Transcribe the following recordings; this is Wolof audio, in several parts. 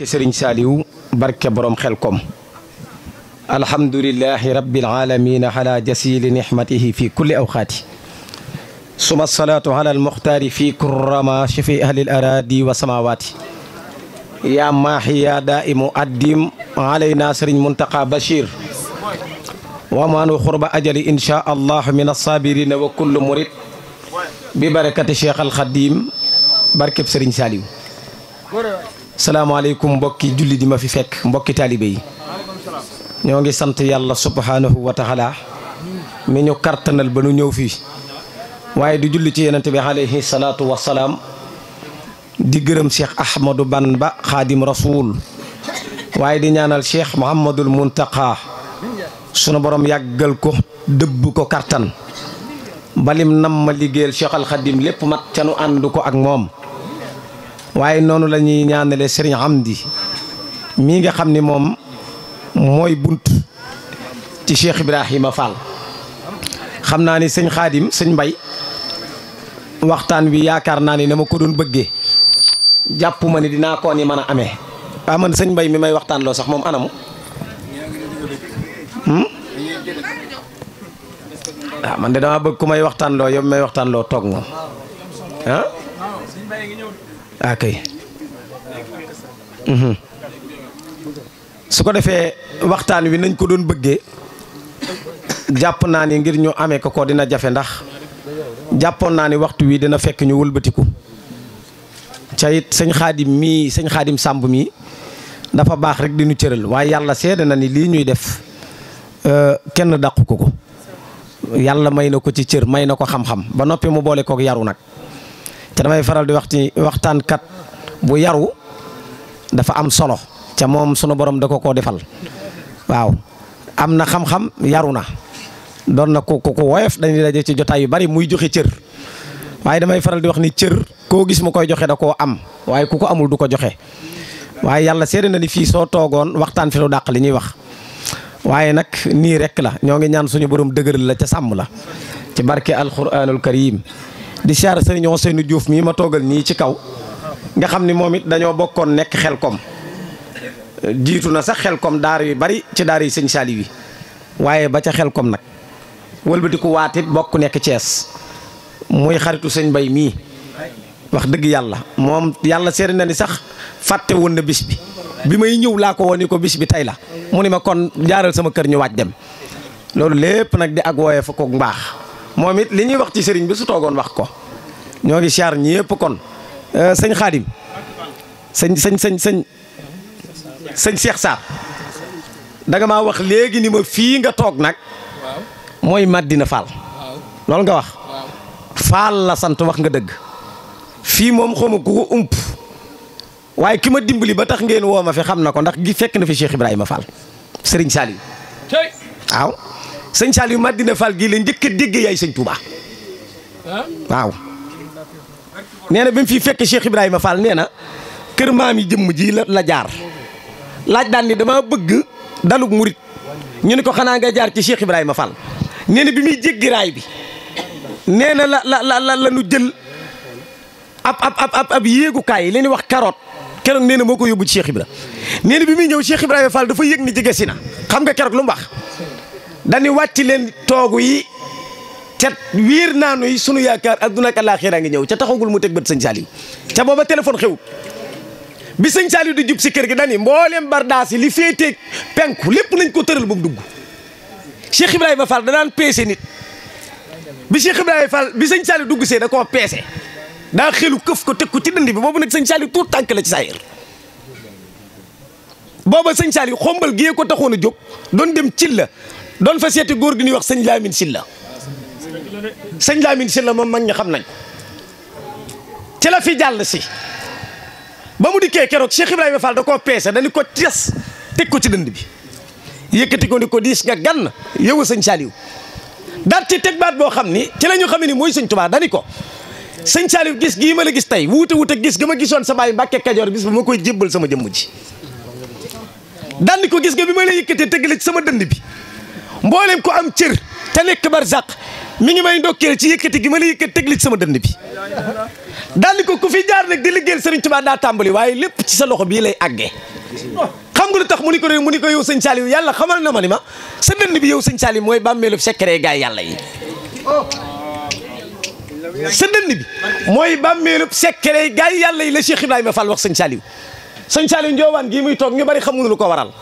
barke serigne saliw barke borom xel kom alhamdulillahi rabbil alamin ala jasil nihmatihi fi kulli awqati suma salatu ala al almuxtaari fi kurama shafi ahli al aradi wa samawati ya maahi ya daimu addim alayna serigne muntaka bashir wa maanu xurba ajali insha allah min as-sabirin wa kull murid bi barakati al khadim barke serigne saliw salaamaaleykum mbokki julli di ma fi fekk mbokki taalibe yi ñoo ngi sant yàlla subhaanahu wa taala mi ñu kartanal ba nu ñëw fii waaye di julli ci yonent bi alayhi salaatu wa salaam di gërëm cheikh ahmadou Bamba xaadim rasoul waaye di ñaanal cheikh mouhamadul muntaqa sunu borom yàggal ko dëbb ko kartan balim nam ma liggéeyal cheikh alxadim lépp mat ca nu ànd ko ak moom waaye noonu la ñuy ñaanale Serigne di mii nga xam ni moom mooy bunt ci Cheikh Ibrahima Fall xam naa ni sëñ Xaadim sëñ Mbay waxtaan wi yaakaar naa ni na ma ko doon bëgge jàpp ma ni dinaa ko ni mën a amee waa ah, man sëñ Mbay mi may waxtaanloo sax moom anamu waaw hmm? ah, man de dama bëgg ku may waxtaanloo loo yow may waxtaanloo toog moom ah ah kay mhm. su ko defee waxtaan wi nañ ko doon bëggee jàpp naa ni ngir ñu amee ko ko dina jafe ndax jàppoon naa ni waxtu wi dina fekk ñu wëlbatiku cayit it sëñ xaadim mii sëñ xaadim sàmb mii dafa baax rek di cëral waaye yàlla seede na ni lii ñuy def euh, kenn dàqu ko ko yàlla may na ko ci cër may na ko xam-xam ba noppi mu boole kook yaru nag te damay faral di waxti waxtan kat bu yaru dafa am solo ca mom sunu borom da ko defal waw am na xam-xam yaruna na na ko ku woyof dañuy daje ci jotay yu bari muy joxe cër waaye damay faral di wax ni cër ko gis mu koy joxe da ko am waaye kuko amul du ko joxe waaye yalla seede na ni fi so togon waxtan fi lu dak li ñi wax waye nak ni rek la ñogi ñaan suñu borom degeural la ca sam la ci barke alquranul karim di siyaare sëriñ Ousseynou Diouf mii ma toogal nii ci kaw nga xam ni moom it dañoo bokkoon nekk xel koom jiitu na sax xel kom daar yu bari ci daar yi sëñ Saali wi waaye ba ca xel kom nag wëlbatiku waatit bokk nekk Cees muy xaritu sëñ Bay mii wax dëgg yàlla moom yàlla seeri na ni sax fàtte woon na bis bi bi may ñëw laa ko woon ko bis bi tey la mu ni ma kon jaaral sama kër ñu waaj dem loolu lépp nag di ak wooye fa ko mbaax moom it li ñuy wax ci sëriñ bi su toogoon wax ko ñoo ngi siyaar ñëpp kon euh, sëñ xaadim sëñ sëñ sëñ sëñ sëñ Cheikh Sarr danga nga maa wax léegi ni ma fii nga toog nag mooy Madina Fall loolu nga wax Fall la sant wax nga dëgg fii moom xawma ko ump waaye ki ma dimbali ba tax ngeen woo ma fi xam na ko ndax gi fekk na fi Cheikh Ibrahima Fall sëriñ Saliou waaw sëñ yu Madina Fall gii la njëkk dégg déggee yaay sëñ Touba waaw nee na bi mu fi fekk Cheikh Ibrahima Fall nee na kër maam yi jëmm ji la la jaar laaj daal ni dama bëgg dalug murit ñu ne ko xanaa nga jaar ci Cheikh Ibrahima Fall nee na bi muy jéggi bi nee na la la la la nu jël ab ab ab ab yéegukaay yi la ñuy wax carotte keroog nee na moo ko yóbbu ci Cheikh Ibrahima nee na bi muy ñëw Cheikh Ibrahima Fall dafa yëg ni jege si na xam nga keroog lu mbaax dani wàcci leen toogu yi ca wiir naanu yi sunu yaakaar adduna ak alaaxira ngi ñëw ca taxagul mu teg bët sëñ Saliou ca booba téléphone xewut bi sëñ Saliou di jub si kër gi dani mbooleem bardaas yi li féetee penku lépp nañ ko tëral ba mu dugg Cheikh Ibrahima Fall da peese nit bi Cheikh Ibrahima bi sëñ Saliou dugg see da koo peese daa xelu këf ko teg ko ci dënd bi boobu nag sëñ Saliou tuut tànk la ci saa booba sëñ Saliou xombal gii ko taxoon a jóg doon dem ci la doon fa seete góor gi ñuy wax sëñ Lamine Silla sëñ Lamine Silla moom mag ñi xam nañ ci la fi jàll si ba mu dikkee keroog Cheikh Ibrahima Fall da koo peese dañu ko tes teg ko ci dënd bi yëkkati ko ni ko diis nga gann yow sëñ Saliou daal teg baat boo xam ni ci la ñu xam ni mooy sëñ Tuubaa dañu ko sëñ Saliou gis gii ma la gis tey wuute wuute gis ga ma gisoon sa baay Mbàkke Kajoor bis ba ma koy jébbal sama jëmm ji dandi ko gis nga bi ma la yëkkatee tëgg la sama dënd bi mboolem ko am cër te nekk barzaq mi ngi may ndokkeel ci yëkkati gi ma la yëkkati teg li ci sama dënd bi daal di ko ku fi jaar nag di liggéeyal Serigne Touba daa tàmbali waaye lépp ci sa loxo bii lay àggee xam nga lu tax mu ni ko réew mu ni ko yow sëñ yàlla xamal na ma ni ma sa dënd bi yow sëñ Saliou mooy bàmmeelu secret gaa yàlla yi sa dënd bi mooy bàmmeelu secret gaa yàlla yi la Cheikh Ibrahima Fall wax sëñ Saliou sëñ Saliou Ndiobane gii muy toog ñu bari xamuñu lu ko waral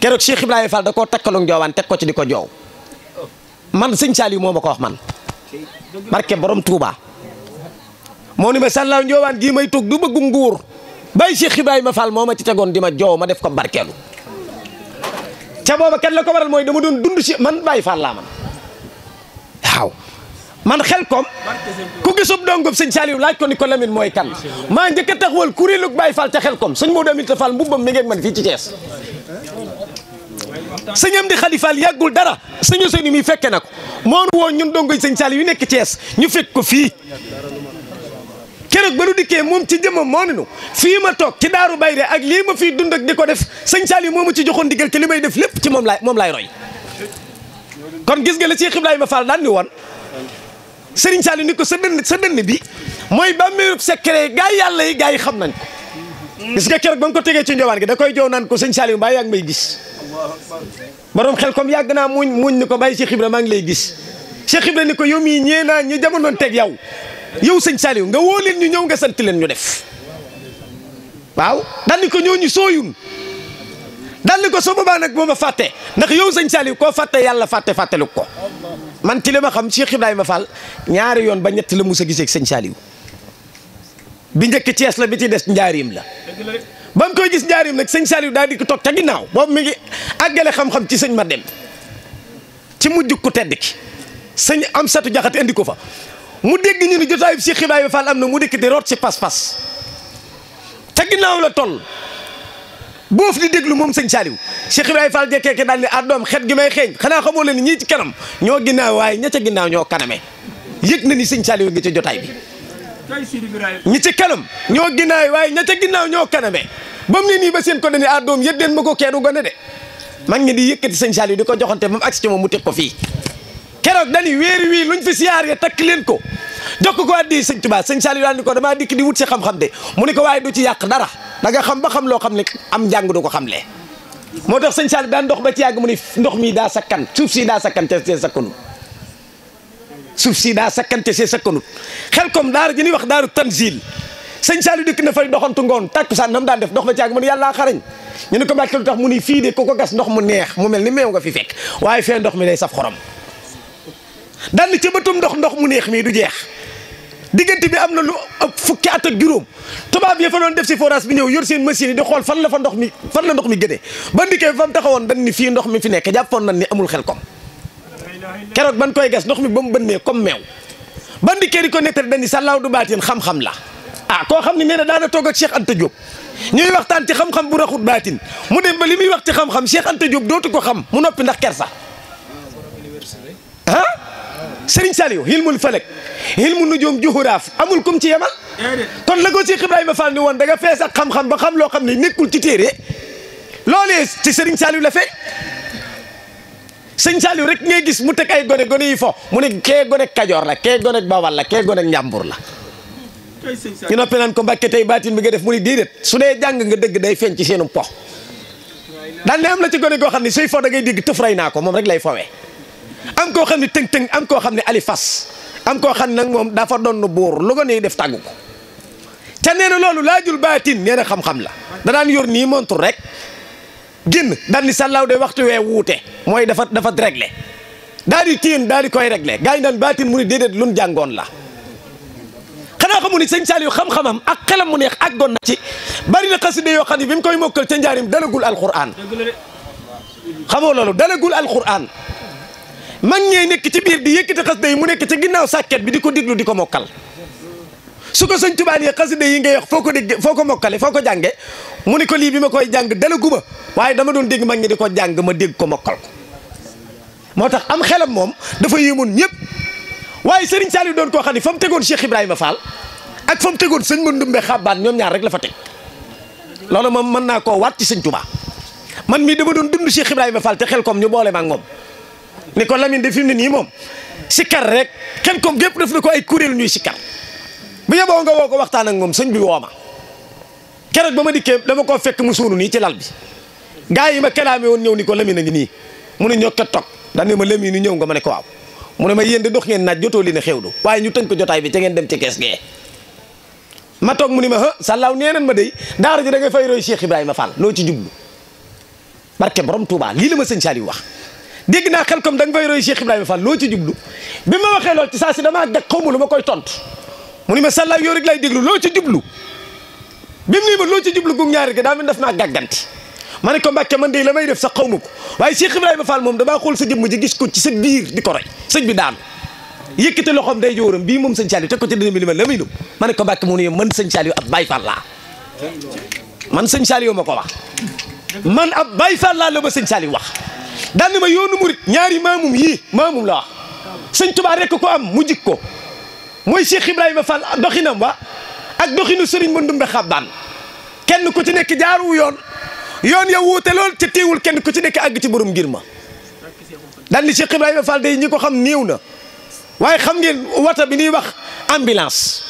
keroog Cheikh Ibrahima Fall da koo takkaloog njoowaan teg ko ci di ko joow man sëñ Saliou moo ma ko wax man barke borom Touba moo ni ma sàllaaw njoowaan gi may toog du bëgg nguur bàyyi Cheikh Ibrahima Fall moo ma ci tegoon di ma joow ma def ko barkeelu ca booba kenn la ko waral mooy dama doon dund si man Baye Fall laa man man xel kom ku gisub dongub sëñ Saliou laaj ko ni ko Lamine mooy kan maa njëkk a taxawal kuréelug baay Fall te xel kom sëñ Modou Aminta Fall mbubbam mi ngeen man fii ci Thiès sëñam di xalifaal yàggul dara sëñu sëñ mi fekke nag moo moonu woon ñun dongoy sëñ Saliou yu nekk Thiès ñu fekk ko fii keroog ba nu dikkee moom ci jëmmam moo ninu fii ma toog ki daaru bayre ak lii ma fii dund ak di ko def sëñ Saliou moo ma ci joxoon digal te li may def lépp ci moom laay moom laay roy kon gis nga la Cheikh Ibrahima Fall daan ni woon sëriñ Saliou ni ko sa dënn bi mooy bàmmeelub secret gaa yi yàlla yi gaa yi xam nañ ko gis ker keroog ba ko tegee ci njowaan gi da koy jow naan ko sëñ Saliou mbaa yaa ngi may gis borom yàgg naa muñ muñ ni ko bàyyi Cheikh Ibra maa ngi lay gis Cheikh Ibra ni ko yow mii ñee naa ñu jamonoon teg yow yow sañ Saliou nga woo leen ñu ñëw nga sant leen ñu def waaw daal ni ko ñooñu sooyun daal ni ko soo boobaa nag boo ma fàtte ndax yow sëñ Saliou koo fàtte yàlla fàtte fàttelu ko man ci li ma xam Cheikh Ibrahima Fall ñaari yoon ba ñetti la mus a gisee ak sëñ Saliou bi njëkk tees la bi ci des njaarim la ba mu koy gis njaarim nag sëñ Saliou daal di ko toog ca ginnaaw boobu mi ngi àggale xam-xam ci sëñ ma dem ci mujj ku tedd ki sëñ am satu jaxate indi ko fa mu dégg ñu ni jotaayub Cheikh Ibrahima Fall am na mu dikk di root si pas-pas ca la toll boof di déglu moom sëñ Saliou Cheikh Ibrahima Fall jekkeeke daal ni ah doom xet gi may xeeñ xanaa xamoo leen ñii ci kanam ñoo ginnaaw waaye ña ca ginnaaw ñoo kaname yëg na ni sëñ Saliou ngi ci jotaay bi ñi ci kanam ñoo ginnaaw waaye ña ca ginnaaw ñoo kaname ba mu ne nii ba seen ko dani ah doom yëg leen ma ko keedu gone de mag ngi di yëkkati sëñ Saliou di ko joxante ba mu agsi ci moom mu teg ko fii keroog dañuy weer wii luñ fi siyaar ya takk leen ko jokk ko addi sëñ Tuubaa sëñ Saliou daal ni ko damaa dikk di wut si xam de mu ni ko waaye du ci yàq dara da nga xam ba xam loo xam ne am njàng du ko xamle moo tax sëñ Saliou daan dox ba ci yàgg mu ne ndox mi daa sakkan suuf si daa sakkan te see sakkanut suuf si daa sakkan te see sakkanut xel comme daara ji ñuy wax daaru tanzil sëñ Saliou dëkk na fay tu ngoon tàkkusaan nam daan def dox ba ci yàgg mu ne yàllaa xarañ ñu ne ko mbàkke lu mu ni fii de ku ko gas ndox mu neex mu mel ni meew nga fi fekk waaye fee ndox mi day saf xorom daan na ca bëtum ndox ndox mu neex mii du jeex diggante bi am na lu fukki at ak juróom tubaab yi fa doon def si forage bi ñëw yor seen machine yi di xool fan la fa ndox mi fan la ndox mi gënee ba ndikee fa mu taxawoon dañ ni ndox mi fi nekk jàppoon nañ ni amul xel kom keroog ban koy gas ndox mi ba mu bënnee comme meew ba ndikee di ko nettali dañ ni sàllaaw du baatin xam-xam la ah koo xam ne nee na daana toog ak Cheikh Anta Diop ñuy waxtaan ci xam-xam bu raxut baatin mu dem ba li muy wax ci xam-xam Cheikh Anta Diop dootu ko xam mu noppi ndax kersa Serigne Saliou xilmul falak xilmu nujum juhuraaf amul kum ci yemal ton la ko Cheikh Ibrahima Fall ni woon da nga fees ak xam-xam ba xam loo xam ne nekkul ci téere loolee ci Serigne Saliou la fee Serigne Saliou rek ngay gis mu teg ay gone gone yi fo mu ne kee gone Kajoor la kee gone Bawal la kee gone Njàmbur la ñu noppi naan ko mbàkke tey baatin bi nga def mu ni déedéet su dee jàng nga dëgg day feeñ ci seenu pox daan ne am la ci gone goo xam ne suy fo da ngay dégg tëf ray naa ko moom rek lay fowee am koo xam ne tëng-tëng am koo xam ne ali fas am koo xam ne nag moom dafa doon buur lu ko ne def tàggu ko ca nee na loolu laajul baatin nee na xam-xam la da daan yor nii montur rek génn daal ni sàllaaw de waxtu wee wuute mooy dafa dafa réglé daal di tiin daal di koy réglé gars yi daan baatin mu ni déedéet lu nu jàngoon la xanaa xamu ni sëñ Saliou xam-xamam ak xelam mu neex ak gon na ci bari na xaside yoo xam ne bi mu koy mokkal ca njaarim dalagul alquran xamoo loolu dalagul alquran mag ñee nekk ci biir di yëkkati xasida yi mu nekk ci ginnaaw sàkket bi di ko diglu di ko mokkal su ko sëñ tubaan yi xasida yi ngay wax foo ko dégg foo ko mokkale foo ko jànge mu ne ko lii bi ma koy jàng dala guba waaye dama doon dégg mag ñi di ko jàng ma dégg ko mokkal ko moo tax am xelam moom dafa yéemoon ñëpp waaye Serigne Saliou doon koo xam ne fa mu tegoon Cheikh Ibrahima Fall ak fa mu tegoon sëñ Mandumbe Xabbaan ñoom ñaar rek la fa teg loolu moom mën naa koo waat ci sëñ Touba man mii dama doon dund Cheikh Ibrahima Fall te xel kom ñu boole ma ak ne ko Lamine de fi mu ne nii moom sikkar rek xel kom gépp def na ko ay kuréel ñuy sikkar bu yeboo nga woo ko waxtaan ak moom sëñ bi woo ma keroog ba ma dikkee dama koo fekk mu suunu nii ci lal bi gaa yi ma kalaame woon ñëw ni ko Lamine a mu ne ñokkat toog daan ne ma Lamine ñëw nga ma ko waaw mu ne ma yéen de dox ngeen naaj jotoo li ne xewdu waaye ñu tënk ko jotaay bi te ngeen dem ci kees gee ma toog mu ni ma ah sàllaaw nee nañ ma dey daara ji da ngay fay roy Cheikh Ibrahima Fall loo ci jublu barke borom Touba lii la ma sëñ Saliou wax dégg naa xel comme da nga fay roy Cheikh Ibrahima Fall loo ci jublu bi ma waxee loo ci saa si damaa deg xaw ma lu koy tontu mu ni ma sàllaaw yow rek lay déglu loo ci jublu bi mu ni ma loo ci jublu gu ñaari gi daa mel def naa gàgganti ma ne ko man de la may def sax xaw ma ko waaye Cheikh Ibrahima Fall moom damaa xool sa jëmm ji gis ko ci sa biir di ko roy sëñ bi daanu yëkkati loxoom day jooram bii moom sëñ Saliou teg ko ci dina mi li ma la may ne ko Mbàkke mu ne man sëñ Saliou laa man sëñ Saliou ma ko wax man ab bay Faal laa la ma sëñ Saliou wax dal ni ma yonu mourid ñaari mamum yi mamum la wax seigne touba rek ko am mu jik ko mooy Cheikh Ibrahima Fall doxinam wa ak doxinu seigne Serigne Mandoumbe Xabbaan kenn ku ci nekk jaaru yoon yoon ya wute lol ci teewul kenn ku ci nek ag ci borom ngir ma daan ni Cheikh Ibrahima Fall day ñi ko xam niwna waye xam ngeen wata bi ni wax ambulance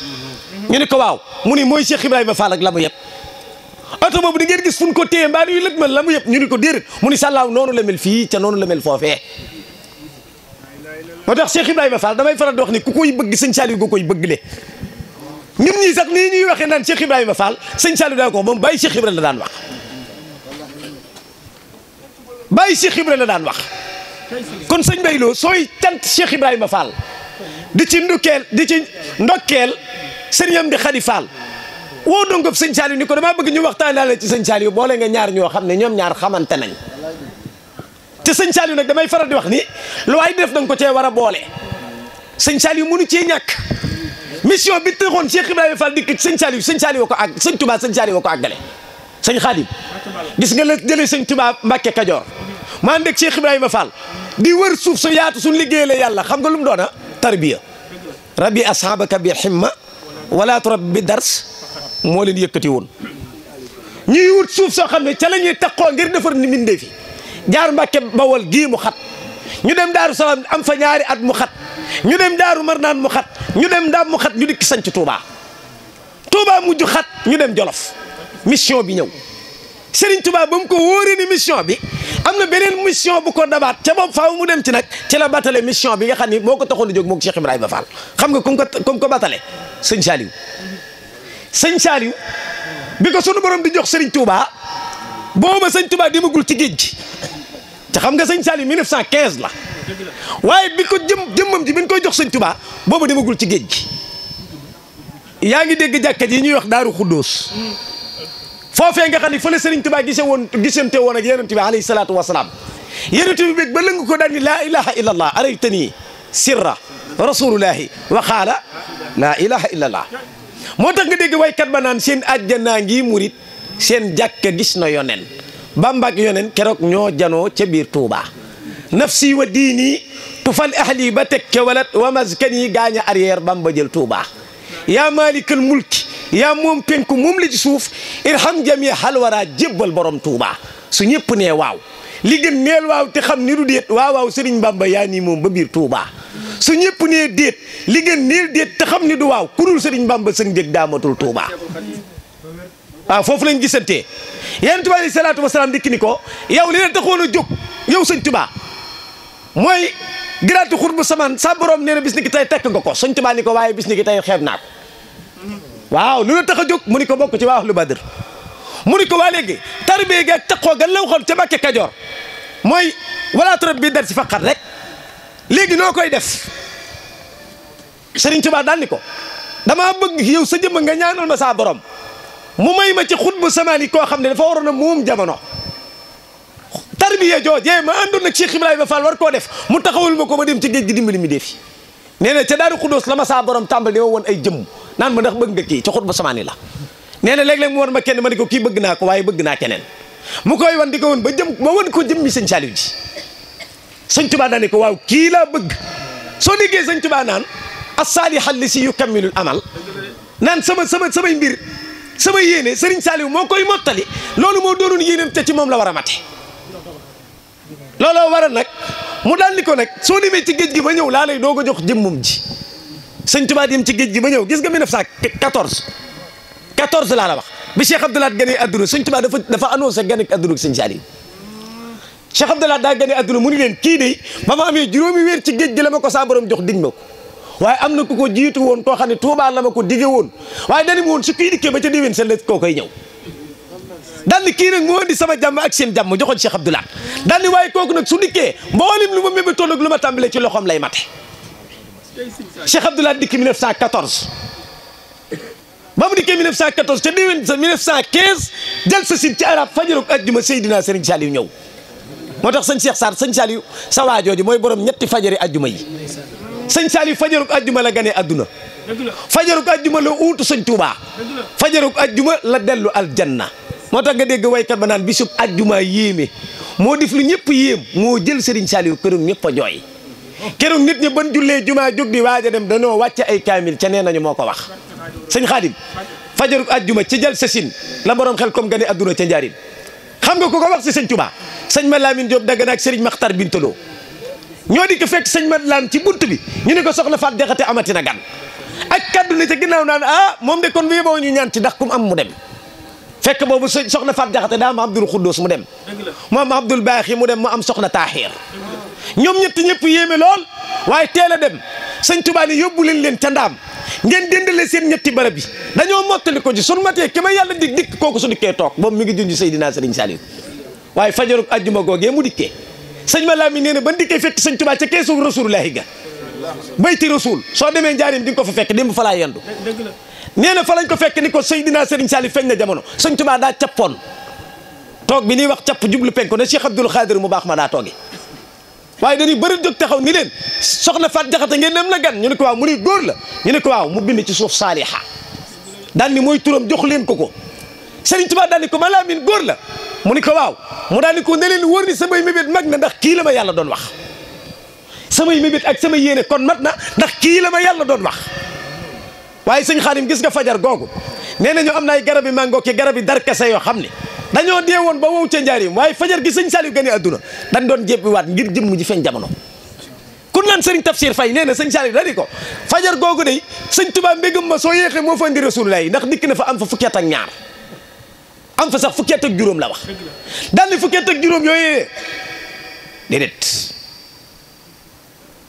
ñu ni ko waw mu ni moy Cheikh Ibrahima Fall ak lamu mu yëpp oto boobu da ngeen gis fu ñu ko téye mbaa yu lëg ma la mu yëpp ñu ni ko déedéet mu ni sàllaaw noonu la mel fii ca noonu la mel foofee moo tax Cheikh Ibrahima Fall damay faral di wax ni ku koy bëgg sëñ Saliou gu koy bëggle ñun ñii sax nii ñuy waxee naan Cheikh Ibrahima Fall sëñ Saliou daa ko moom bàyyi Cheikh Ibrahima la daan wax bàyyi Cheikh Ibrahima la daan wax kon sëñ Bayloo sooy cant Cheikh Ibrahima Fall di ci ndukkeel di ci ndokkeel sëriñam di Xadi Fall woo dongob sëñ Saliou ni ko damaa bëgg ñu waxtaanaale ci sëñ Saliou boole nga ñaar ñoo xam ne ñoom ñaar xamante nañ te sëñ Saliou nag damay faral di wax ni lu waay def danga ko cee war a boole sëñ Saliou mënu cee ñàkk mission bi tëxoon Cheikh Ibrahima Fall dikk sëñ Saliou sëñ Saliou ko àgg sëñ Touba sëñ Saliou ko àggale sëñ Khadim gis nga la jëlee sëñ Touba Mbacke Kajoor ma ànd ak Cheikh Ibrahima Fall di wër suuf su yaatu suñ liggéey la yàlla xam nga lu mu doona ah? tarbiya rabbi ashabaka bi himma wala turab bi dars moo leen yëkkati woon ñuy wut suuf soo xam ne ca la ñuy taxoo ngir defar ni mbindee fi jaar Mbàkke Bawol gii mu xat ñu dem Daaru Salaam am fa ñaari at mu xat ñu dem Daaru Marnaan mu xat ñu dem Ndaam mu xat ñu dikk sanc Touba Touba mujj xat ñu dem Jolof mission bi ñëw Serigne Touba ba mu ko wóoree ni mission bi am na beneen mission bu ko dabaat ca boobu faaw mu dem ci nag ci la batale mission bi nga xam ni moo ko taxoon a jóg moom Cheikh Ibrahima Fall xam nga ku ko ku ko batale sëñ Saliou sëñ biko bi sunu borom di jox Serigne Touba booba sëñ Touba demagul ci géej gi te xam nga sëñ Saaliw 1915 la waaye bi ko jëm jëmmam ji bi ñu koy jox sëñ Touba booba demagul ci géej gi. yaa ngi dégg jàkka ji ñuy wax Daaru Xuddoos foofee nga xam ne fële Serigne Touba gisee woon gisante woon ak yonent bi alayhi salaatu wa salaam yonent bi beeg ko daal ni laa ilaha illallah araytani wa qaala laa moo tax nga dégg waykat ba naan seen àjjanaa ngi murit seen jàkka gis na yonen Bàmba yonen keroog ñoo janoo ca biir Touba. nafsi wa diini tufal ahli ba tekke walat wa maskan yi gaañ a arrière jël Touba yaa maalikal mulki yaa moom penku moom la ci suuf irham jami xalwara jébbal borom Touba su ñëpp nee waaw li gën neel waaw te xam ni du déet waaw waaw Serigne Bàmba yaa nii moom ba biir Touba. su ñëpp nee déet li ngeen neel déet te xam ni du waaw ku dul sëriñ Bamba sëñ dég daamatul Touba waaw ah, foofu lañ gisantee yéen Touba alayhi salaatu wasalaam dikki ni ko yow li la taxoon a jóg yow sëñ Touba mooy giraatu xur bu samaan sa borom nee na bis ni tey tekk nga ko sëñ Touba ni ko waaye bis ni ki tey xeeb naa ko waaw lu la tax a jóg mu ni ko bokk ci waa ahlu Badr mu ni ko waa léegi tarbiya gi ak taqoo gan la waxoon ca Mbàkke Kajoor mooy walaatu rab bi dar si faqat rek léegi noo koy def Serigne Touba daal ni ko damaa bëgg yow sa jëmm nga ñaanal ma saa borom mu may ma ci xutbu samaani koo xam ne dafa waroon a moom jamono. tarbiya joojee ma àndoon nag Cheikh Ibrahima Fall war koo def mu taxawul ma ko ma dem ci géej gi dimbali mi dee fi nee na ca daaru Xuddoos la ma saa borom tàmbali di ma woon ay jëmm naan ma ndax bëgg nga kii ci xutbu samaani la. nee na léeg-léeg mu war ma kenn ma ne ko kii bëgg naa ko waaye bëgg naa keneen mu koy wan di ko woon ba jëm ma wan ko jëmmi sëñ Saliou ji. sëñ tubaa dane ko waaw kii laa bëgg soo déggee sëñ tubaa naan asaalihal li si yu kammilul amal naan sama sama samay mbir sama yéene sëriñ Saaliw moo koy mottali loolu moo doonoon yéeneem te ci moom la war a mate looloo waral nag mu daal ni ko nag soo demee ci géej gi ba ñëw laa lay doog a jox jëmmum ji sëñ tubaa dem ci géej gi ba ñëw gis nga 1914 14 laa la wax bi Cheikh Abdoulaye Gane àdduna sëñ tubaa dafa dafa annoncé Gane ak àdduna ak sëñ Saaliw Cheikh Abdallah daa gane àdduna mu ni leen kii de ba ma amee juróomi weer ci géej gi la ma ko saa borom jox dig ma ko waaye am na ku ko jiitu woon koo xam ne Touba la ma ko dige woon waaye dañu woon su kii dikkee ba ca déwén sa la koo koy ñëw daal ni kii nag moo di sama jàmm ak seen jàmm joxoon Cheikh Abdou Lahad daal ni waaye kooku nag su dikkee mboolem lu ma mébétoon ak lu ma tàmbalee ci loxoom lay mate Cheikh Abdou Lahad dikk 1914 ba mu dikkee 1914 ca déwén sa 1915 jël sa sin ci arab fajaroog ajjuma Seydina Serigne Saliou ñëw moo tax sëñ Cheikh Sarr sëñ Saliou sa waa mooy borom ñetti fajari ajjuma yi sëñ Saliou fajaruk ajjuma la ganee adduna fajaruk ajjuma la uutu sëñ Touba fajaruk ajjuma la dellu aljanna moo tax nga dégg waykat ba naan bisub ajjuma yéeme moo def lu ñëpp yéem moo jël sëriñ Saliou kërum ñëpp a jooy keroog nit ñi ban jullee jumaa jóg di waaj a dem dañoo wàcce ay kaamil ca nee nañu moo ko wax sëñ Xaadim fajaruk ajjuma ca jël sasin la borom xel comme gane adduna ca njaarin xam nga ku ko wax si sëñ Touba sëñ ma Lamine Diop dagg na ak Serigne Makhtar Bintaloo ñoo di ko fekk sëñ ma laan ci bunt bi ñu ne ko soxna Faat Jaxate amati na gan ak kaddu ne ca ginnaaw naan ah moom de kon ñu ñaan ci ndax kum am mu dem fekk boobu soxna Faat Jaxate daa am Abdul Xuddoos mu dem mu am Abdul Baaxi mu dem mu am soxna Taaxiir ñoom ñett ñëpp yéeme lool waaye teel a dem sëñ Touba ne yóbbu leen leen ca ndaam ngeen dendale seen ñetti barab yi dañoo mottali ko ci sun matee ki ma yàlla dig dikk kooku su dikkee toog moom mi ngi junj Seydina Serigne Saliou waaye fajarug ajjuma googee mu ban dikkee fekk sëñ Tuubaa ca keesu soo demee njaarim di ko fa fekk démb fa laa yendu nee na fa lañ ko ni ko Seydina Serigne Saliou feeñ na jamono sëñ Tuubaa daa cappoon toog bi ñuy wax capp jublu penk na Cheikh Abdoul Khadir mu baax ma daa toogee waaye dañuy bëri jóg taxaw ni leen soxna Faat Jaxate ngeen dem la gan ñu ne ko waaw mu ni góor la ñu ne ko waaw mu bind ci suuf saaliha daal ni mooy turam jox leen ko ko Sëriñ Tuubaa daal ni ko ma laa min góor la mu ni ko waaw mu daal ni ko ne leen wóor ni samay mébét mag na ndax kii la ma yàlla doon wax samay mébét ak samay yéene kon mat na ndax kii la ma yàlla doon wax waaye sëñ Xaadim gis nga fajar googu nee nañu am na ay garabi mango ki garabi darkase yoo xam ne dañoo dee woon ba wow ca njaarim waaye fajar gi sëñ Saliou gane àdduna dañ doon jébbiwaat ngir jëmm ji feeñ jamono kun naan sëriñ Tafsir fay nee na sëñ Saliou dani ko fajar googu day sëñ Tuubaa mbégam ma soo yéexee moo fa indi rasulullah yi ndax dikk na fa am fa fukki at ak ñaar am fa sax fukki at ak juróom la wax daal ni fukki ak juróom yooyu déedéet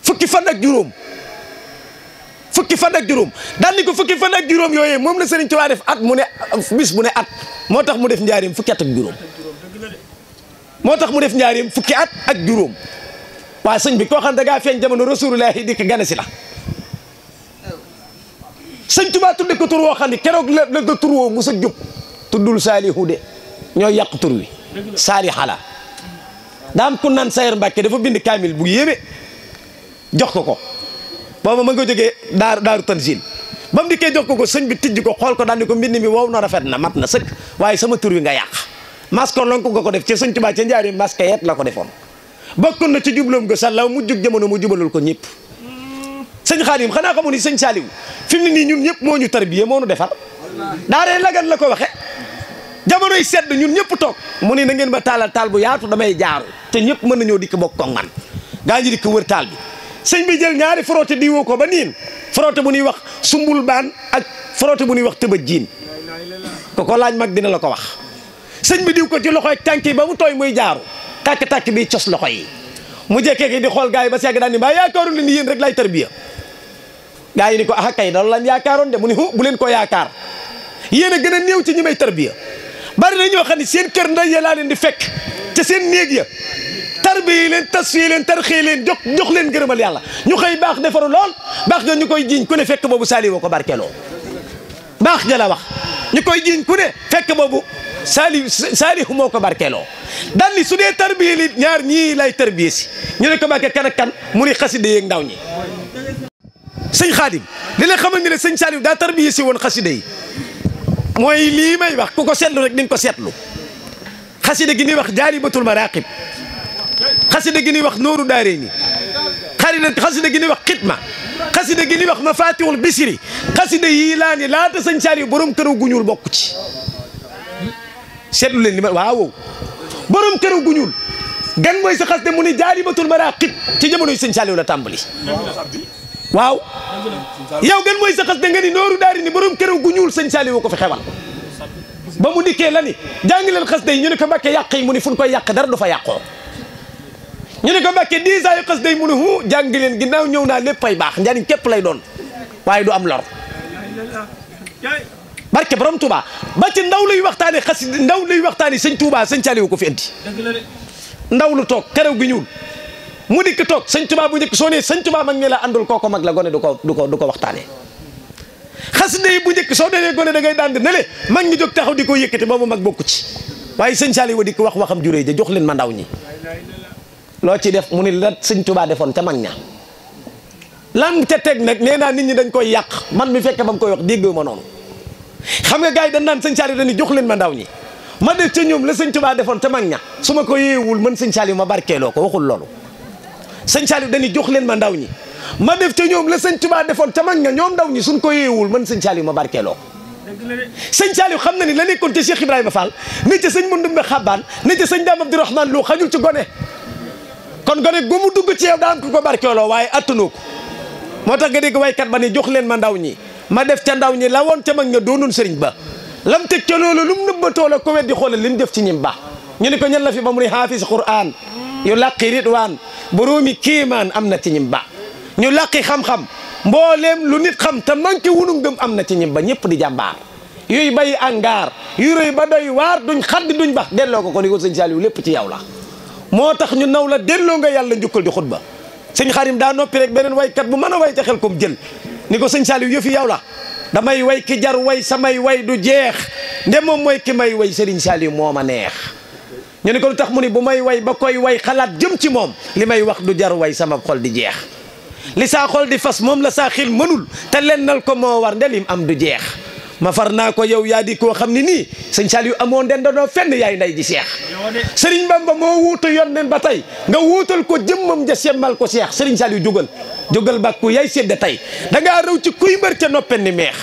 fukki fan ak juróom fukki fan ak juróom daan ni ko fukki fan ak juróom yooyee moom la Serigne Touba def ak mu ne bis bu ne at moo tax mu def njaareem fukki at ak juróom moo tax mu def njaareem fukki at ak juróom waa sëñ bi koo xam ne da ngaa feeñ jamono rasulullahi di ko gane si la sëñ Touba tudde ko xam ne keroog la la tur woo musa jub tuddul saalihu de ñoo yàq tur wi saalihala daam ku naan sayer Mbàkke dafa bind kaamil bu yéeme jox ko ko booba ma nga jógee daaru daaru tanzil ba mu dikkee jox ko ko sëñ bi tijj ko xool ko daan ni ko mbind mi wow na rafet na mat na sëkk waaye sama tur wi nga yàq masko lonk nga ko def ca sëñ Tuubaa ca njaari maska yeet la ko defoon bokkoon na ci jubloom nga sàllaw mu jug jamono mu jubalul ko ñëpp sëñ Xaadim xanaa xamoon ni sëñ Saaliw fi mu nii ñun ñëpp moo ñu tarbiyee moo ñu defar daaree lagan la ko waxe jamonoy sedd ñun ñëpp toog mu ne na ngeen ma taalal taal bu yaatu damay jaaru te ñëpp mën nañoo dikk bokk ko ngan gaa ñi dikk wër taal bi señ bi jël ñaari frotté diwoo ko ba niin frotté bu ni wax sumbul ban, ak frotté bu ni wax tëbëj ko ko laaj mag dina la ko wax señ bi diw ko ci loxoy tanki ba mu toy muy jaaru tak tak bi cios loxoy mu jekke gi di xol gaay ba seg daan ni ba yaakaru ni yeen rek lay tarbiya gaay ni ko ah kay dala lan yaakaron de mu ni hu bu len ko yaakar yéen gëna neew ci ñi may tarbiya bari na ñoo xani seen kër ndey ya la len di fekk ci seen neeg ya تربي لين تصفي لين ترخي لين جوك جوك لين غير مال يالله ني باخ ديفرو لول باخ ني كوي جين كوني فك بوبو سالي وكو باركيلو باخ جلا واخ ني كوي جين كوني فك بوبو سالي سالي هو موكو باركيلو دالي سودي تربي لي ني لاي تربيسي ني نكو باكي كان كان موري خسيد يك داو ني سيغ خادم لينا خامل ني سيغ سالي دا تربيسي وون خسيد يي موي لي ماي واخ كوكو سيتلو رك نين كو سيتلو خسيد جي ني واخ جاري بتول مراقب xasida gi ñuy wax nooru daaree ni xarina xasida gi ñuy wax xitma xasida gi ñuy wax mafatihul bisiri xasida yii laa ni laata sëñ Saaliw borom këraw gu ñuul bokk ci seetlu leen li ma waaw borom këraw gu ñuul gan mooy sa xasida mu ni jaalibatul maraqib ci jamono yi sëñ Saaliw la tàmbali waaw yow gan mooy sa xasida nga ni nooru daari ni borom këraw gu ñuul sëñ Saaliw ko fi xewal ba mu dikkee la ni jàngi leen xasida yi ñu ne ko mbàkke yàq yi mu ni fu ñu koy yàq dara du fa yàqoo ñu ne ko Mbàkke dix ans yu xas day mu ne hu jàng leen ginnaaw ñëw naa lépp fay baax njariñ képp lay doon waaye du am lor barke borom Touba ba ci ndaw luy waxtaane xas ndaw luy waxtaane sëñ Touba sëñ Saliou ko fi indi ndaw lu toog karaw gi ñuul mu dikk toog sëñ Touba bu njëkk soo nee sëñ Touba mag ne la àndul kooko mag la gone du ko du ko du ko waxtaane xasida yi bu njëkk soo demee gone da ngay dand ne le mag ñi taxaw di ko yëkkati boobu mag bokku ci waaye sëñ Saliou dikk wax waxam juree ja jox leen ma ndaw ñi loo ci def mu ni la sëñ tubaa defoon ca man ña lan ca teg nag nee naa nit ñi dañ koy yàq man mi fekk ba mu koy wax déggu ma noonu xam nga gars yi dañ naan sëñ Saliou dañuy jox leen ma ndaw ñi ma def ca ñoom la sëñ tubaa defoon ca mag ña su ma ko yeewul man sëñ Saliou ma barkeeloo ko waxul loolu sëñ Saliou jox leen ma ndaw ñi ma def ca ñoom la sëñ tubaa defoon ca mag ña ñoom ndaw ñi suñ ko yeewul man sëñ Saliou ma barkeeloo ko sëñ Saliou xam na ni la nekkoon ca Cheikh Ibrahima Fall ne ca sëñ Mundumbe Xabaan ne ca sëñ Daam Abdourahmane Lo xajul ci gone kon gone gu mu dugg ci yow daan ko ko barkeeloo waye attanu ko moo tax nga dégg ni jox leen ma ndaw ñi ma def ci ndaw ñi la won ci mag ña doonoon sëriñ ba lam tek ci lolu lu mu nëbbatoo la ko weddi xol lim def ci ñim ba ñu ne ko ñal la fi ba mu ne hafiz qur'an yu laqi ridwan boroomi kiimaan am ci ñim ba ñu laqi xam-xam mbollem lu nit xam wunu ngëm amna ci ñim ba ñepp di bay angar yu reuy ba doy war duñ xaddi duñ bax delo ko ko ni ko lepp ci yaw la moo tax ñu naw la delloo nga yàlla njukkal di xutba sëñ xaarim daa noppi rek beneen waykat bu mën a way te xel kom jël ni ko sëñ Saliou yëfi yow la damay way ki jar way samay way du jeex nde moom mooy ki may way sëriñ Saliou moo ma neex ñu ne ko lu tax mu ni bu may way ba koy way xalaat jëm ci moom li may wax du jar way sama xol di jeex li saa xol di fas moom la saa xil mënul te lennal ko moo war nde lim am du jeex ma far naa ko yow yaa di koo xam ne nii sëñ amoon amoo ndendandoo fenn yaay nday ji Cheikh Serigne Bamba moo wuutu yoon nen ba tey nga wuutal ko jëmmam ja semmal ko Cheikh Serigne yu jógal jógal bàkku yaay sedda tey da ngaa raw ci kuy mbër ca noppen ni meex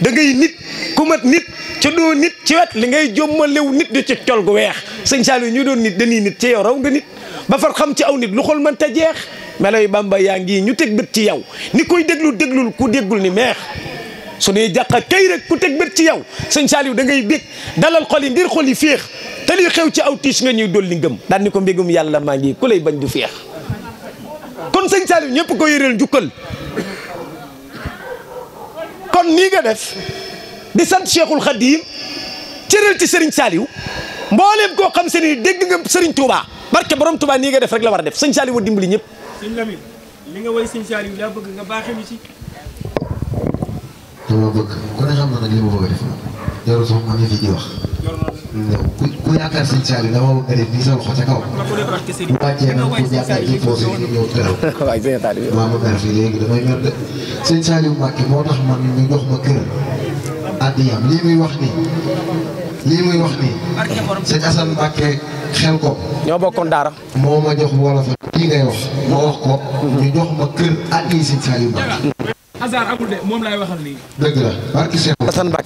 da nit ku mat nit ci doo nit ci wet li ngay jommalew nit di ci col gu weex sëñ Saliou ñu doon nit dañuy nit ci yow raw nga nit ba far xam ci aw nit lu xool mën ta jeex meloy Bamba yaa ngi ñu teg bët ci yow ni koy déglu déglul ku déggul ni meex su ne jàqa kay rek ku teg bët ci yow sëñ Saliou da ngay bég dalal xol yi ngir xol yi féex te li xew ci aw tiis nga ñuy dolli ngëm daan ni ko mbégum yàlla maa ngi ku lay bañ du feex kon sëñ Saliou ñëpp ko yëreel njukkal kon nii nga def di sant Cheikhul Khadim cëral ci Serigne Saliou mbooleem koo xam se ni dégg nga Serigne Touba barke borom Touba nii nga def rek la war a def sëñ Saliou wa dimbali ñëpp li nga woy sëñ Saliou laa nga baaxee ñu ci dama bëgg ku ne xam na nag li ma a def wax. ku ku yaakaar sëñ Saali dama bëgg a sa loxo ca kaw. bu wàccee nag ku jàkkaay ci posé moo tax man ñu jox ma kër àddiyam lii wax lii muy wax nii sëñ Assane Mbacke xel ko. ñoo bokkoon Daara. moo ma jox wolof lii ngay wax ma wax ko. Mm-hmm. ñu jox ma kër addi sëñ Saliou Mbacke. hasard amul de moom laay waxal la barki Cheikh Assane ay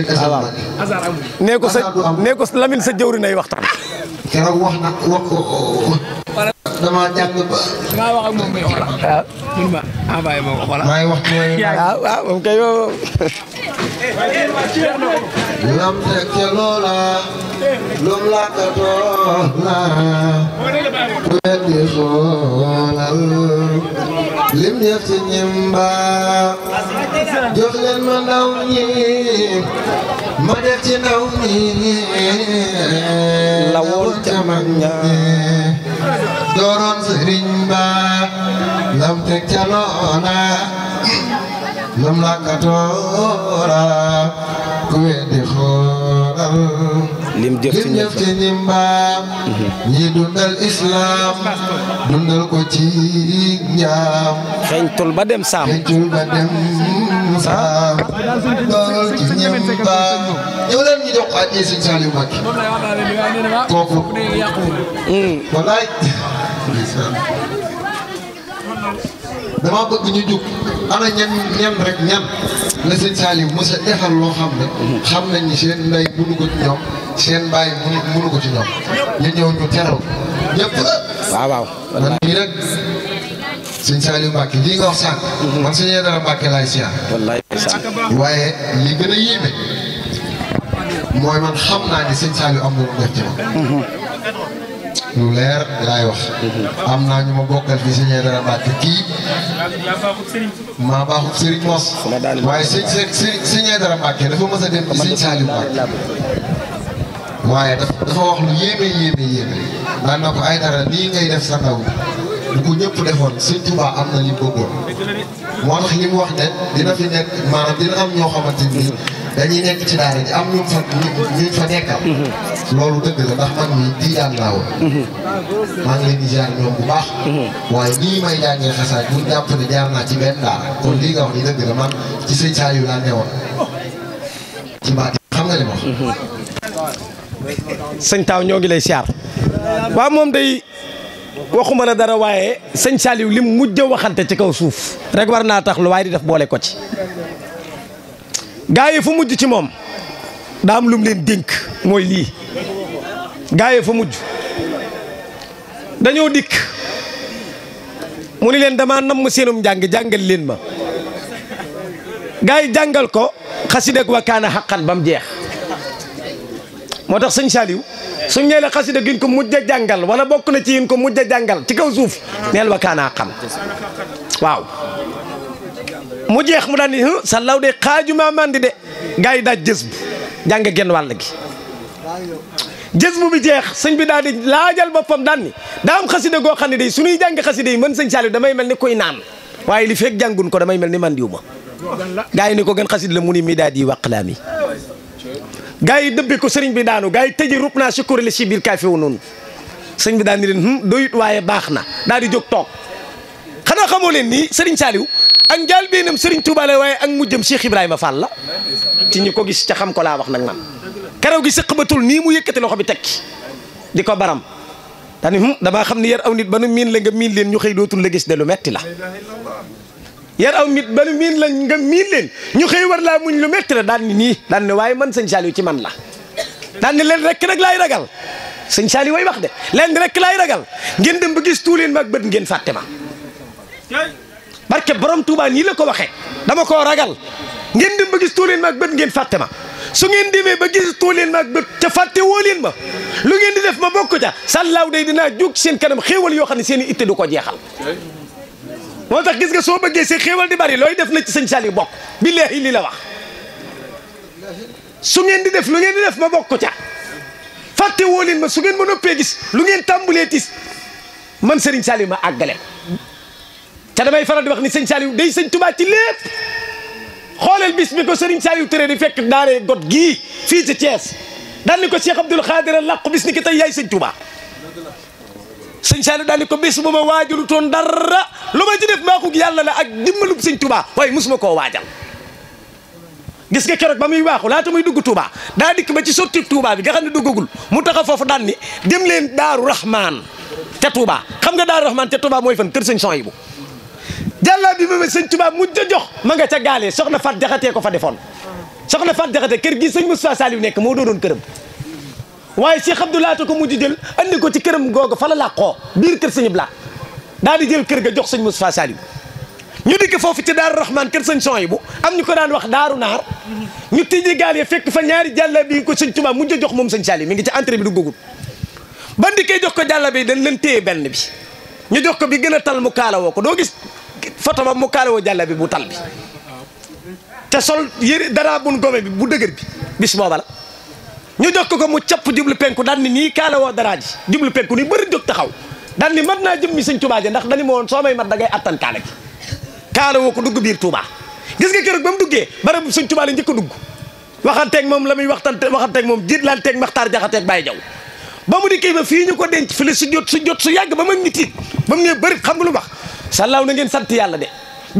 ah? Ah, sa nee waxtaan. wax. dama jàng ba. damaa wax ak moom muy xoolal. waaw ah. mun ma envoyé ma ko xoolal. maa ngi wax mooy. waaw waaw ah, ah, moom kay moom. lam tek loola. lum lakkatoo naa. ku weddi xoolal. lim def ci ñimba. jox leen ma ndaw ñi. ma def ci ndaw ñi. lawoon ca mag ña. dooroon sëriñ ba lam teg ca noona lam lakkatoora ku weddi xoolal lim jëf ci ñim baam ñi dundal islam dundal ko ci njaam xeñtul ba dem saam xeñtul ba dem saam dooroon ci ñim baam ñëw leen ñu jox ko àddee sëñ Saliou Mbacké kooku hmm. wallaay dama bëgg ñu jug ana ñan ñan rek ñan la sëñ Saliou mos a defal loo xam ne xam nañ seen ndey mënu ko ci ñoom seen baay mënu ko ci ñoom ñu ñëw ñu teral ñëpp man mii nag sëñ Saliou Mbacke lii nga wax sànq man sëñ Yadara Mbacke laay siyaar waaye li gën yéeme mooy man xam naa ni sëñ Saliou am na ci ma lu leer laay wax. am naa ñu ma bokkal fi sëñ Aïdara Mbacke kii. maa baaxut Serigne Mos. waaye sëñ sëñ sëñ Aïdara Mbacke dafa mës a wax lu yéeme yéeme yéeme daan na ko ay dara nii ngay def sa ndaw ko ñëpp defoon sëñ Touba am na li bëggoon. moo tax li mu wax ne dina fi nekk maanaam dina am ñoo xamante ni dañuy nekk ci daara ji am ñu fa ñu fa nekkal. loolu dëgg la ndax man mii di daan woon mhm. maa ngi leen di jaar ñoom bu baax mhm. waaye nii may jàngee xasaay bu jàpp naa ci benn daara kon lii nga wax ni dëgg la man ci sëñ Saliou laa newoon ci ma mhm. dara waaye sëñ Saliou lim mujj waxante ci kaw suuf rek war naa tax lu di def boole ko ci gaa yi ci moom lum leen dénk mooy lii gaayee fa mujj dañoo dikk mu ni leen dama nam ma seenum njàng jàngal leen ma gaay yi jàngal ko xasida ak wakaana xaqan ba mu jeex moo tax sëñ Saliou suñ ñee la xasida gi ko mujj a jàngal wala bokk na ci yi ko mujj a jàngal ci kaw suuf neel wakaana xaqan waaw mu jeex mu daan ni sa law de xaaju maa mandi de gaay yi daaj jës bu genn wàll gi jës bu bi jeex sëñ bi daal di laajal boppam daan ni daa am xasida goo xam ne day suñuy jàng xasida yi mën sëñ Saliou damay mel ni koy naan waaye li fekk jàngun ko damay mel ni man diw ma gaa yi ni ko gën xasida la mu ni mi daal di wàqlaam yi gaa yi dëbbi ko sëriñ bi daanu gaa yi tëji rup naa sukkur si biir kaay fewu noonu sëñ bi daal ni leen hm, doyut waaye baax na daal di jóg toog xanaa xamoo leen nii sëriñ Saliou jal njaal beenam sëriñ Touba waaye ak mujjëm Cheikh Ibrahima Fall la ci ñu ko gis ca xam ko laa wax nag man karaw gi sëq batul nii mu yëkkati loxo bi tekki di ko baram daani hum damaa xam ne yar aw nit ba nu miin la nga miin leen ñu xëy dootul la gis de lu metti la yar aw nit ba nu miin la nga miin leen ñu xëy war laa muñ lu metti la daan ni nii daan ne waaye man sëñ Saliou ci man la daan ne leen rek nag laay ragal sëñ Saliou way wax de leen rekk laay ragal ngeen dem ba gis tuuleen ma ak bët ngeen fàtte ma barke borom Touba nii la ko waxee dama koo ragal ngeen dem ba gis tuuleen ma ak ngeen fàtte ma su ngeen demee ba gisatoo leen maag bët te fàtte leen ma lu ngeen di def ma bokk ca sàllaaw day dinaa jóg seen kanam xéewal yoo xam ne seen i itte du ko jeexal moo tax gis nga soo bëggee seen xéewal di bari looy def na ci sañ saali bokk billaahi li la wax su ngeen di def lu ngeen di def ma bokk ca fàtte woo leen ma su ngeen ma noppee gis lu ngeen tàmbulee tis man Serigne Saliou ma àggale te damay faral di wax ni sëñ Saliou day sëñ Tuubaa ci lépp xoolal bis bi ko Serigne Saliou Touré di fekk daaree got gii fii ci Thiès daal ni ko Cheikh Abdoul Khadir làqu bis ni ki tey yaay sëñ Touba sëñ Saliou daal ni ko bis bu ma waajalu toon dara lu ma ci def maa ak dimbalub sëñ Touba waaye mosuma koo waajal gis nga keroog ba muy waaxu laata muy dugg Touba daa dikk ma ci sotti Touba bi nga xam ne duggagul mu tax foofu daan ni dem leen Daaru Rahman ca Touba xam nga Daaru Rahman ca Touba mooy fan kër sëñ Soyibu jàllaa bi moom sañ Tuubaa mujj a jox ma nga ca gaale soxna Fat jaxatee ko fa defoon soxna Fat Jaxate kër gi sëñ Moustapha Saliou nekk moo doonoon këram waaye Cheikh Abdoulaye ta ko mujj jël andi ko ci këram googu fa la làqoo biir kër sëñ Blaat daal di jël kër ga jox sañ Moustapha Saliou ñu dikk foofu ci Daaru Rahman kër sañ sëñ bu am ñu ko daan wax Daaru Naar ñu tijji gaal ya fekk fa ñaari jàlla bi ko sëñ Tuubaa mujj a jox moom sañ Saliou mi ngi ci entrée bi du gugul ba ndikkee jox ko jàlla dañ leen téye benn bi ñu jox bi gën a tal mu woo ko doo gis photo ba mu kaalewoo jàlla bi bu tal bi te sol yëre dara bun gome bi mu dëgër bi bis booba la ñu jox ko mu capp jublu penku daan ni nii kaalewoo dara ji jublu penku ni bëri jóg taxaw daan ni mat naa jëmmi sëñ Tuubaa ji ndax dañu ma woon soo da ngay attan kaala gi kaalewoo ko dugg biir Tuubaa gis nga keroog ba mu duggee barab sëñ Tuubaa la njëkk a dugg waxanteeg moom la muy waxtante waxanteeg moom jiitlanteeg maxtaar jaxateeg bàyyi jaw ba mu di kii ba fii ñu ko denc fi la su jot su jot su yàgg ba mag ñi tiit ba mu ne bëri xam nga lu wax sàllaaw na ngeen sant yàlla de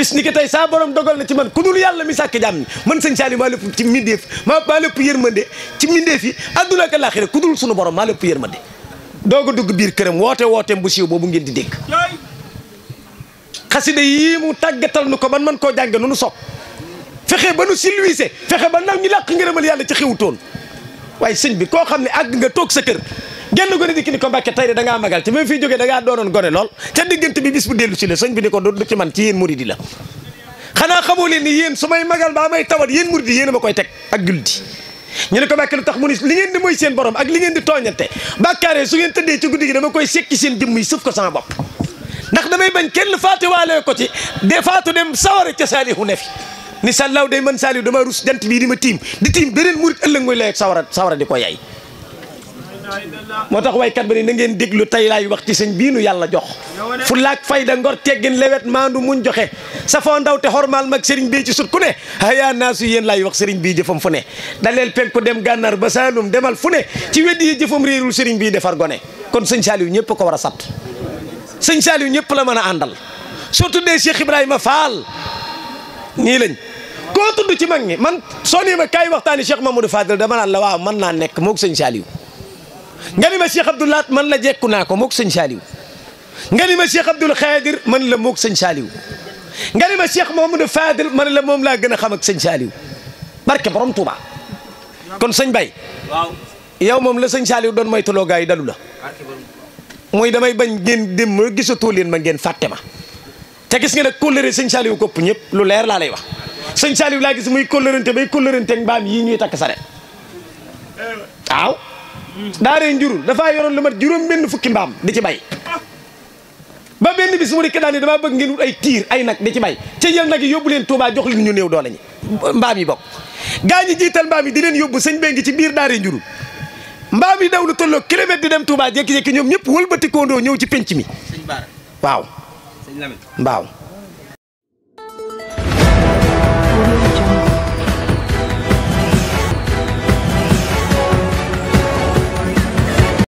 bis ni ki tey saa borom dogal na ci man ku yàlla mi sàkke jàmm ni man sëñ Saliou maa lépp ci mindeef maa maa lépp yërmande ci mindeef yi àdduna ak laaxira ku dul sunu borom maa lépp yërmande doog a dugg biir këram woote wooteem bu siiw boobu ngeen di dégg xasida yii mu tàggatal nu ko ban man koo jànge nu nu sopp fexe ba nu silwiise fexe ba nag ñu làq ngërëmal yàlla ci xewutoon waaye sëñ bi koo xam ne àgg nga toog sa kër genn gone dikki ni ko Mbàkke tey de da ngaa magal te même fii jógee da ngaa gone lool ca diggante bi bis bu dellu si la sëñ bi ni ko la xanaa xamoo leen ni yéen su may magal baa may tawat yéen muridi yéen a ma koy teg ak juldi ñu ne ko Mbàkke lu tax mu ni li ngeen di mooy seen borom ak li ngeen di tooñante bàkkaare su ngeen tëddee ci guddi gi dama koy sekki seen jëmm yi sëf ko sama bopp ndax damay bañ kenn faatuwaale ko ci de faatu dem sawara ca saalihu ne fi ni day man saalihu dama rus jant bii di ma tiim di tiim beneen murit ëllëg mooy lay sawara sawara ko yaay moo tax waykat ba ni na ngeen déglu tey laay wax ci sëñ bii nu yàlla jox fu laak fayda ngor teggin lewet maandu muñ joxe safoo ndaw te xormaal mag sëriñ bii ci sut ku ne hayaa naasu yéen laay wax sëriñ bii jëfam fu ne daleel penku dem gànnaar ba saalum demal fu ne ci weddi yi jëfam réerul sëriñ bii defar gone kon sëñ Saliou ñëpp ko war a sat sëñ Saliou ñëpp la mën a àndal soo tuddee Cheikh Ibrahima Fall nii lañ koo tudd ci mag ñi man soo nee ma kaay waxtaani Cheikh Mamadou Fadel dama naan la waaw naa nekk moog sëñ Saliou nga ni ma Cheikh Abdoul Ahad man la jekku naa ko moog sëñ Saliou nga ni ma Cheikh Abdoul Khadir man la moog sëñ Saliou nga ni ma Cheikh Mouhamadou Fadil man la moom laa gën a xam ak sëñ Saliou barke borom Touba kon sëñ Baye. waaw yow moom la sëñ Saliou doon moytuloo yi dalu la. mooy damay bañ ngeen dem ma gisatoo leen ma ngeen fàtte ma te gis nga nag kóllëre sëñ Saliou kopp ñëpp lu leer laa lay wax sëñ Saliou laa gis muy te bay kóllërante ak mbaam yii ñuy takk sare eh. daaree njurul dafaa yoroon la mat juróom benn fukki mbaam di ci bay ba benn bi mu dikk daal ni dama bëgg ngeen wut ay tiir ay nag di ci bay ca jël nag yóbbu leen Touba jox leen ñu new doole ñi mbaam yi bokk gaa ñi jiital mbaam yi di leen yóbbu sëñ bee ngi ci biir daaree njurul mbaam yi daw lu tolloo kilomètre di dem Touba jékki-jékki ñoom ñëpp wëlbatikoo ndoo ñëw ci penc mi waaw waaw